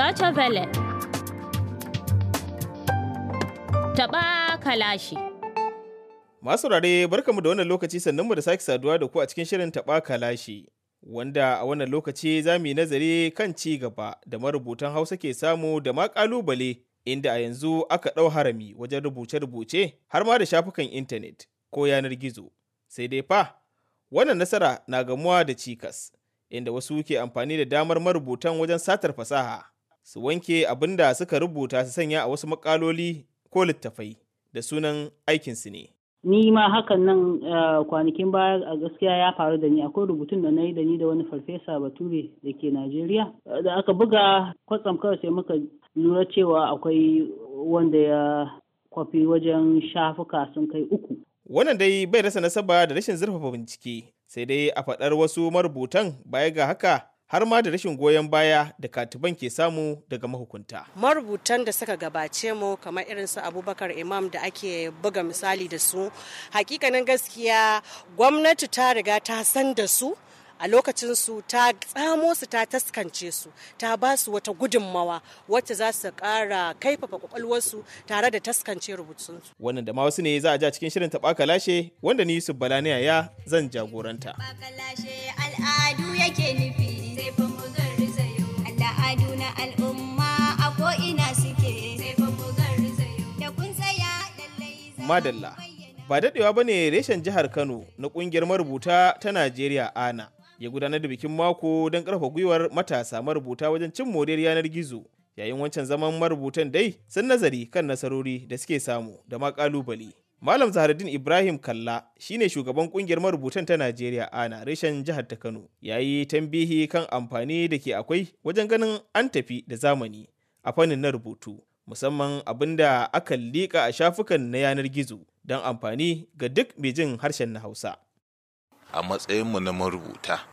Deutsche Welle. Taba kalashi. Masu rare barkamu da wannan lokaci mu da sake saduwa da ku a cikin shirin taɓa kalashi. Wanda a wannan lokaci za mu yi nazari kan ci gaba da marubutan Hausa ke samu da ma ƙalubale inda a yanzu aka ɗau harami wajen rubuce-rubuce har ma da shafukan intanet ko yanar gizo. Sai dai fa, wannan nasara na gamuwa da cikas. inda wasu ke amfani da damar marubutan wajen satar fasaha su wanke abin da suka rubuta su sanya a wasu makaloli ko littafai da sunan aikinsu ne. Ni ma hakan nan kwanakin baya a gaskiya ya faru da ni akwai rubutun da na yi da ni da wani farfesa bature da ke Najeriya da aka buga kwatsam kawai sai muka lura cewa akwai wanda ya kwafi wajen shafuka sun kai uku. Wannan dai bai rasa nasaba da rashin zurfafa bincike sai dai a faɗar wasu marubutan baya ga haka har ma da rashin goyon baya da katiban ke samu daga mahukunta. Marubutan da suka gabace mu kamar irin su Abubakar Imam da ake buga misali da su, hakikanin gaskiya gwamnati ta riga ta san da su a lokacin su ta tsamo su ta taskance su ta ba su wata gudunmawa wacce za su kara kaifafa kwakwalwarsu tare da taskance rubutunsu. Wannan da ma wasu ne za a ja cikin shirin taɓaka lashe wanda ni Yusuf Balaniya ya zan jagoranta. al'adu yake nufi. madalla ba daɗewa ba ne reshen jihar kano na ƙungiyar marubuta ta najeriya ana ya gudanar da bikin mako don karfa gwiwar matasa marubuta wajen cin moriyar yanar gizo yayin wancan zaman marubutan dai sun nazari kan nasarori da suke samu da ma ƙalubale Malam Zaharuddin Ibrahim Kalla shine shugaban kungiyar marubutan ta Najeriya ana reshen jihar ta Kano. Ya yi tambihi kan amfani da ke akwai wajen ganin an tafi da zamani a fannin na rubutu musamman abin da aka liƙa a shafukan na yanar gizo don amfani ga duk mai jin harshen na Hausa. A matsayinmu na marubuta,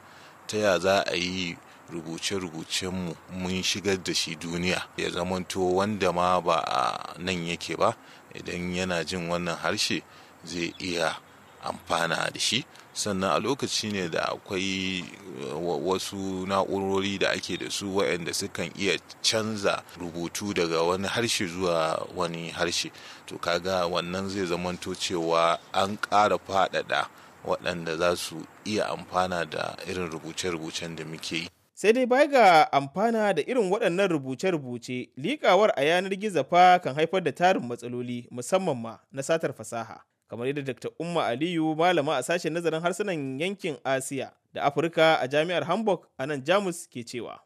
ta ya za a yi rubuce-rubucenmu mun shigar da shi duniya ya zamanto wanda ma ba a nan yake ba idan yana jin wannan harshe zai iya amfana da shi sannan a lokaci ne da akwai eh, wasu na'urori da ake da su waɗanda sukan iya canza rubutu daga wani harshe zuwa wani harshe to kaga wannan zai zamanto cewa an ƙara faɗaɗa waɗanda za su iya amfana da irin rubuce-rubucen da muke yi sai dai bai ga amfana da irin waɗannan rubuce-rubuce liƙawar a yanar gizo fa kan haifar da tarin matsaloli musamman ma na satar fasaha kamar yadda Dr. Umma Aliyu malama a sashen nazarin harsunan yankin Asiya da Afirka a Jami'ar Hamburg a nan Jamus ke cewa.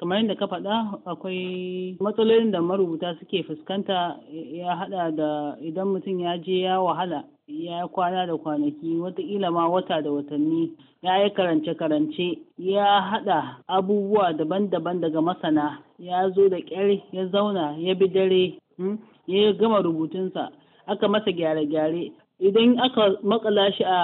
Kamar yadda ka faɗa akwai matsalolin da marubuta suke fuskanta ya haɗa da idan mutum ya je ya wahala ya kwana da kwanaki wataƙila ma wata da watanni ya yi karance-karance ya haɗa abubuwa daban-daban daga masana ya zo da ƙyar ya zauna ya bi dare hmm, ya gama rubutunsa aka masa gyare-gyare idan aka makala shi a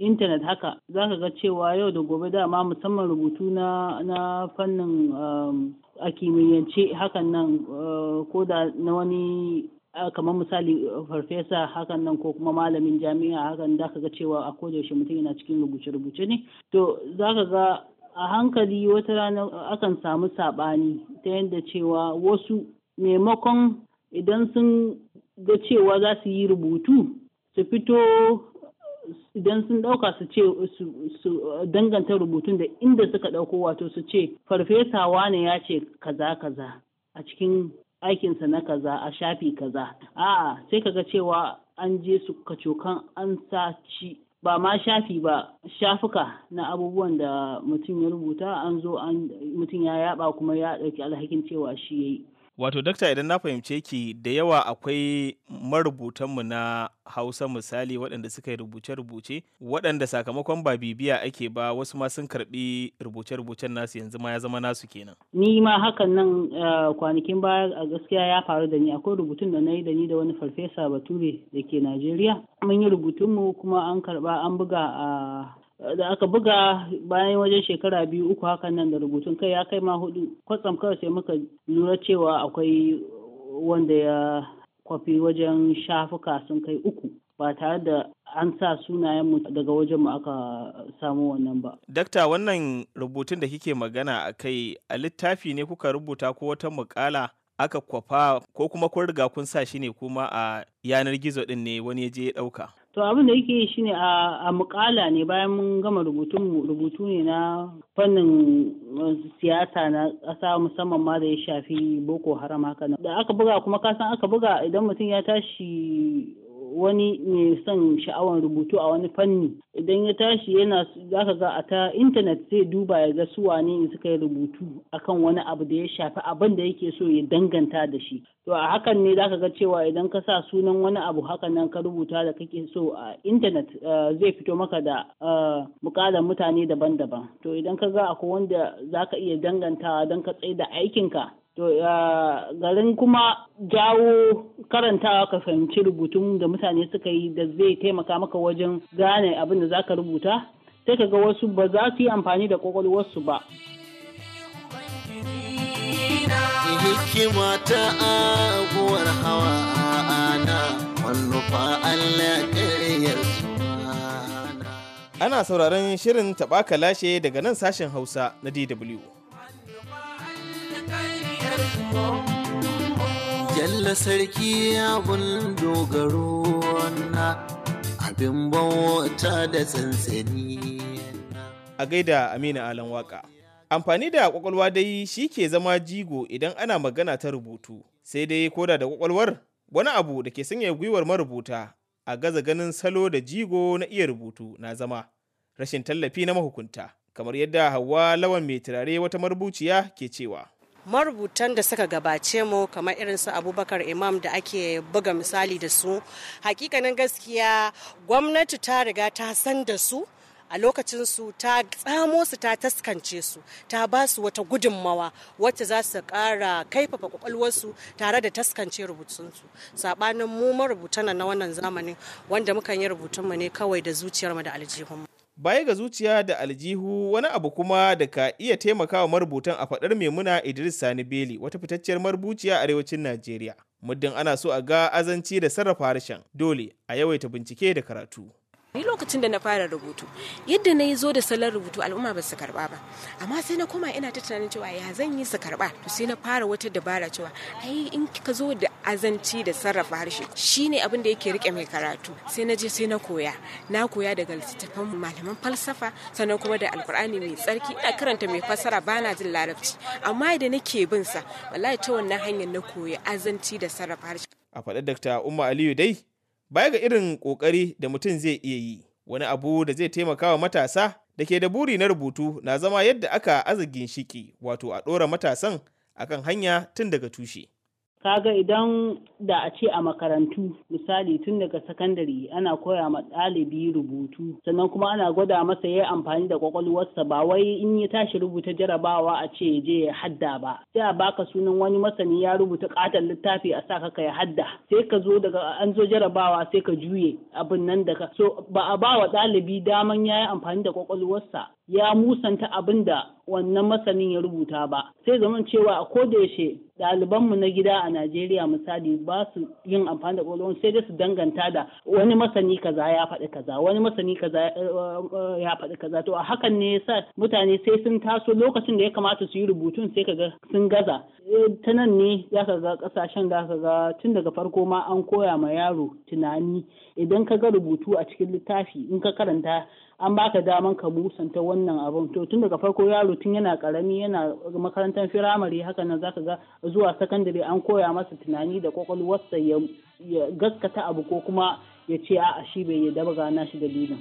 intanet haka za ka ga cewa yau da gobe dama musamman rubutu na na fannin um, a kimiyyance hakan nan uh, ko da na wani kamar misali farfesa hakan nan ko kuma malamin jami'a hakan za ka ga cewa a kodayaushe mutum yana cikin rubuce-rubuce ne to za ka ga a hankali wata rana akan samu saɓani ta yadda cewa wasu maimakon idan sun ga cewa za su yi rubutu su fito idan sun ɗauka su ce su danganta rubutun da inda suka ɗauko wato su ce farfesa wane ya ce kaza kaza a cikin aikinsa na kaza a shafi kaza a'a sai kaga cewa an je su kacokan an saci ba ma shafi ba shafuka na abubuwan da mutum ya rubuta an zo mutum ya yaba kuma ya ɗauki alhakin cewa shi ya yi Wato, dakta idan na fahimce ki da yawa akwai marubutanmu na Hausa misali waɗanda suka yi rubuce-rubuce, waɗanda sakamakon ba bibiya ake ba wasu ma sun karɓi rubuce-rubucen nasu yanzu ma ya zama nasu kenan. Ni ma hakan nan kwanakin baya a gaskiya ya faru da ni akwai rubutun da na yi da ni da wani farfesa Bature da ke Najeriya. Mun yi rubutunmu kuma an karɓa an buga a da aka buga bayan wajen shekara biyu uku hakan nan da rubutun kai ya kai ma hudu kwatsam kawai sai muka lura cewa akwai wanda ya kwafi wajen shafuka sun kai uku ba tare da an sa mu daga wajenmu aka samu wannan ba. Dakta wannan rubutun da kike magana a kai a littafi ne kuka rubuta ko wata mukala aka kwafa ko kuma kun riga kun sa shi ne kuma a yanar gizo din ne wani ya je ya ɗauka. to abin da yake shi ne a mukala ne bayan mun gama rubutun rubutu ne na fannin siyasa na ƙasa musamman ma da ya shafi boko haram haka da aka buga kuma kasan aka buga idan mutum ya tashi wani mai son sha'awan rubutu a wani fanni idan ya tashi yana zaka ga a ta intanet zai duba ya ga su wane ne suka yi rubutu akan wani abu da ya shafi abin da yake so ya danganta da shi to a hakan ne zaka ga cewa idan ka sa sunan wani abu hakan nan ka rubuta da kake so a intanet eh, zai fito maka da eh, mukalan mutane daban-daban to idan ka ga akwai wanda zaka iya dangantawa don ka tsaye da aikinka To garin kuma jawo karantawa ka fahimci rubutun da mutane suka yi da zai taimaka maka wajen gane abin da za ka rubuta, sai ka ga wasu ba za su yi amfani da kwakwalwarsu ba. hikima ana Ana sauraron shirin taɓaka lashe daga nan sashen Hausa na DW. Yalla sarki abun dogaro na abin bauta da tsantsani. A gaida Aminu Alan Waka. Amfani da kwakwalwa dai shi ke zama jigo idan ana magana ta rubutu, sai dai koda da kwakwalwar wani abu da ke sanya gwiwar marubuta a gaza ganin salo da jigo na iya rubutu na zama rashin tallafi na mahukunta, kamar yadda Hauwa Lawan mai turare wata marubuciya ke cewa. marubutan da suka gabace mu kamar irin su abubakar imam da ake buga misali da su hakikanin gaskiya gwamnati ta riga ta san da su a lokacin su ta tsamo su ta taskance su ta ba su wata gudunmawa wacce za su kara kaifafa kwakwalwarsu tare da taskance rubutunsu sabanin mu marubutan na wannan zamanin wanda mukan yi rubutunmu ne kawai da zuciyarmu da aljihunmu baya ga zuciya da aljihu wani abu kuma da ka iya taimakawa marubutan a faɗar memuna idris sani beli wata fitacciyar marubuciya a arewacin najeriya muddin ana so a ga azanci da sarrafa harshen dole a yawaita bincike da karatu lokacin da na fara rubutu yadda na yi zo da salon rubutu al'umma ba su karba ba amma sai na koma ina ta tunanin cewa ya zan yi su karba to sai na fara wata dabara cewa ai in ka zo da azanci da sarrafa harshe shine abin da yake rike mai karatu sai na je sai na koya na koya daga littattafan malaman falsafa sannan kuma da alkur'ani mai tsarki ina karanta mai fassara bana jin larabci amma da nake bin sa wallahi ta wannan hanyar na koya azanci da sarrafa harshe a faɗa dakta umma aliyu dai baya ga irin ƙoƙari da mutum zai iya yi wani abu da zai taimaka wa matasa da ke da buri na rubutu na zama yadda aka aza shiki wato a ɗora matasan akan hanya tun daga tushe. kaga idan da a ce a makarantu misali tun daga sakandare ana koya ma ɗalibi rubutu sannan kuma ana gwada masa ya amfani da kwakwalwarsa ba wai in ya tashi rubuta jarabawa a ce je ya hadda ba sai a baka sunan wani masani ya rubuta katon littafi a sa ka ya hadda sai ka zo daga an zo jarabawa sai ka juye abin nan da ka. so ba a ba wa ɗalibi daman ya yi amfani da kwakwalwarsa ya musanta abin da wannan masanin ya rubuta ba sai zaman cewa a ɗaliban mu na gida a Najeriya misali ba su yin amfani da ƙwallon sai dai su danganta da wani masani kaza ya faɗi kaza wani masani kaza eh, eh, ya faɗi kaza to a hakan ne yasa mutane sai sun taso lokacin da ya kamata su yi rubutun sai kaga sun gaza eh, ta nan ne za ka ga ƙasashen da ka ga tun daga farko ma an koya ma yaro tunani idan ka ga rubutu a cikin littafi in ka karanta an baka daman ka musanta wannan abun to tun daga farko yaro tun yana karami yana makarantar firamare haka nan zaka ga zuwa sakandare an koya masa tunani da kwakwalwarsa ya gaskata abu ko kuma ya ce a'a shi bai yadda ba gana shi dalilin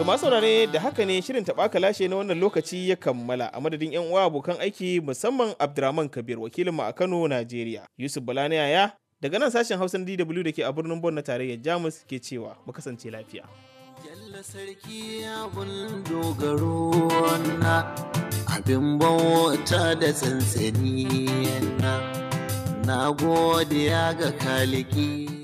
To saurare da haka ne shirin taɓa lashe na wannan lokaci ya kammala a madadin 'yan uwa abokan aiki musamman Abdurrahman Kabir wakilinmu a Kano, Najeriya. Yusuf Balani Yaya Daga nan sashen Hausa na DW da ke a birnin bon na tarayyar Jamus ke cewa mu kasance lafiya. Yalla sarki bun dogaro na abin bauta da tsantsani na. gode ya ga kaliki.